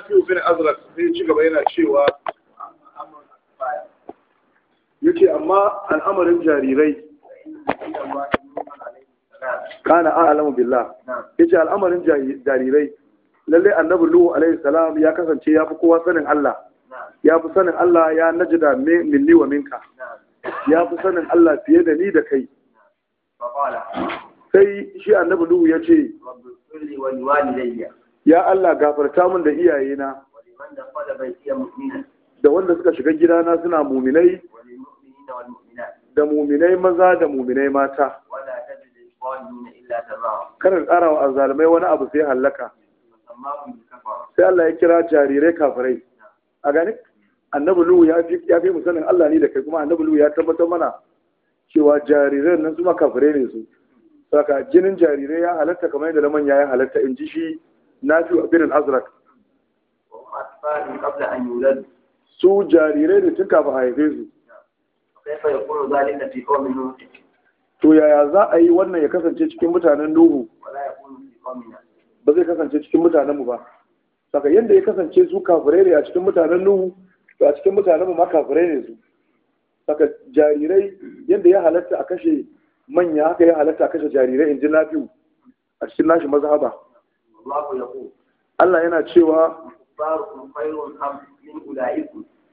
Matthew bin Azrak sai ci gaba yana cewa yace amma al'amarin jarirai kana a'lamu billah yace al'amarin jarirai lalle annabi Nuhu alaihi salam ya kasance ya fi kowa sanin Allah ya fi sanin Allah ya najida minni wa minka ya fi sanin Allah fiye da ni da kai sai shi annabi Nuhu yace ya Allah gafarta min da iyayena da wanda suka shiga gidana suna muminai da muminai maza da muminai mata ka tsara wa azalmai wani abu sai hallaka sai Allah ya kira jarirai kafirai a gani annabi ya fi mu sanin Allah ne da kai kuma annabi ya tabbatar mana cewa jariran nan su kafirai ne su saka jinin jarirai ya halatta kamar da na manya ya halatta in ji shi nafi bin al-azraq su jarirai ne tun kafin haife su to yaya za a yi wannan ya kasance cikin mutanen nuhu ba zai kasance cikin mutanenmu ba saka yadda ya kasance su kafirai ne a cikin mutanen nuhu to a cikin mutanenmu ma kafirai ne su saka jarirai yadda ya halatta a kashe manya haka ya halatta a kashe jarirai in ji lafiyu a cikin nashi mazhaba Allah yana cewa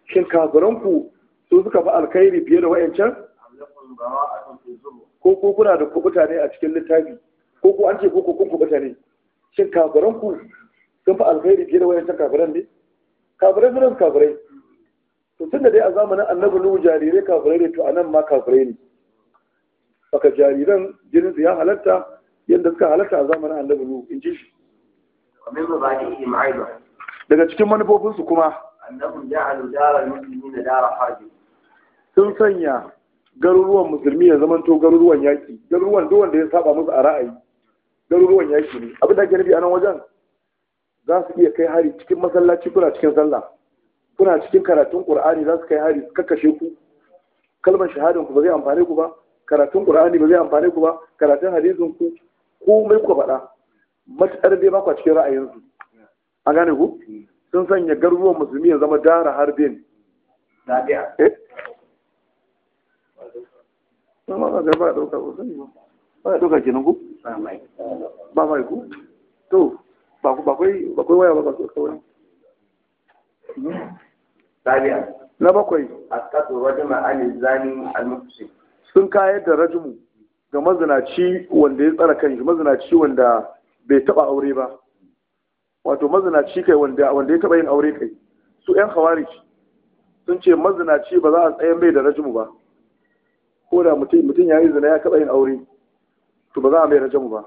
shin kafiranku su suka fi alkhairi fiye da wa'ancan ko ko kuna da kubuta ne a cikin littafi ko ko an ce ko kun kubuta ne shin kafiranku sun fi alkhairi fiye da wa'ancan kafiran ne kafirai sun kafirai to tun da dai a zamanin annabi nuhu jarirai kafirai ne to a nan ma kafirai ne baka jariran su ya halatta yadda suka halatta a zamanin annabi nuhu in ji shi daga cikin manufofinsu kuma sun sanya garuruwan musulmi ya zamanto garuruwan yaki garuruwan duk wanda ya saba musu a ra'ayi garuruwan yaƙi ne abin da ake nufi a nan wajen za su iya kai hari cikin masallaci kuna cikin sallah kuna cikin karatun qur'ani za su kai hari Ka kakkashe ku kalmar shahadan ku ba zai amfane ku ba karatun qur'ani ba zai amfane ku ba karatun hadisin ku komai ku faɗa matuƙar dai ba cikin ra'ayinsu A gane ku sun sanya garuruwan musulmi ya zama dara harbin eh? ba ɗauka kenan ba ku ba bakwai waya ba ba su kawai na bakwai askatu zani sun kayar da rajimu ga mazinaci wanda ya tsara kanshi mazinaci wanda bai taba aure ba wato mazinaci kai wanda ya taba yin aure kai su yan khawarij sun ce mazinaci ba za a tsaye mai da rajimu ba ko da mutum mutum yayi zina ya taba yin aure to ba za a mai rajimu ba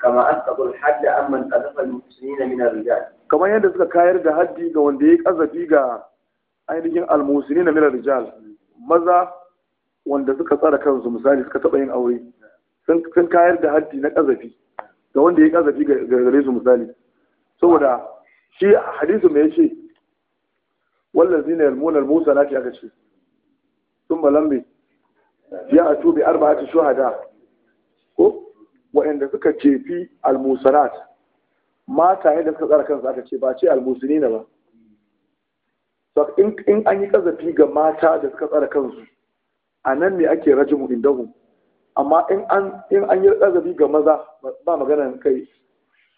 kama asqatul hadd amman qadafa al-muslimina min ar-rijal kamar yadda suka kayar da haddi ga wanda ya kazafi ga ainihin al-muslimina min ar-rijal maza wanda suka tsara kansu misali suka taba yin aure sun kayar da haddi na kazafi ga wanda ya kazafi ga gare su misali saboda shi hadisu mai Wallan zina yalmuna al-musana fi aka ce thumma lam ya atu bi arba'ati shuhada ko wa'anda suka cefi al musarat mata yadda suka tsara kansu aka ce ba ce al-musinina ba in an yi kazafi ga mata da suka tsara kansu a nan ne ake rajimu indahum amma in an yi kazafi ga maza ba magana kai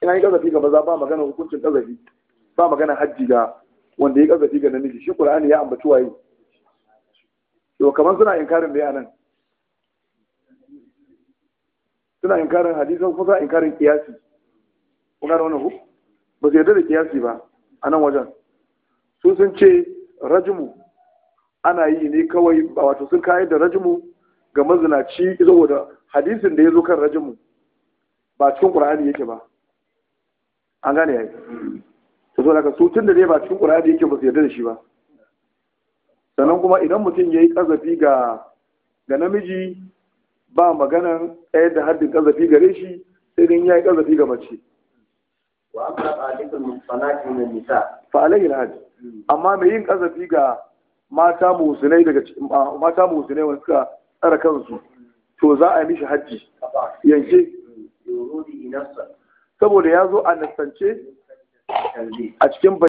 in an yi kazafi ga maza ba magana hukuncin ƙazafi. ba magana hajji ga wanda ya ƙazafi ga namiji shi ƙur'ani ya ambaci waye to kamar suna inkarin bayanan nan suna inkarin hadisi kuma suna inkarin kiyasi Kuma gane wannan hu? ba su yarda da kiyasi ba a nan wajen su sun ce rajimu ana yi ne kawai wato sun kayar da rajimu ga mazinaci saboda hadisin da ya zo kan rajinmu ba cikin ƙura'ani yake ba an gane yayi to saboda ka su tun da dai ba cikin ƙura'ani yake ba su yarda da shi ba sannan kuma idan mutum ya yi ƙazafi ga ga namiji ba maganan ɗaya da haddin ƙazafi gare shi sai dai ya yi ƙazafi ga mace nisa fa alayhi alhaji amma mai yin ƙazafi ga mata musulai daga mata musulai wanda suka tsara kansu to za a mishi hajji yanke saboda ya zo a nasance a cikin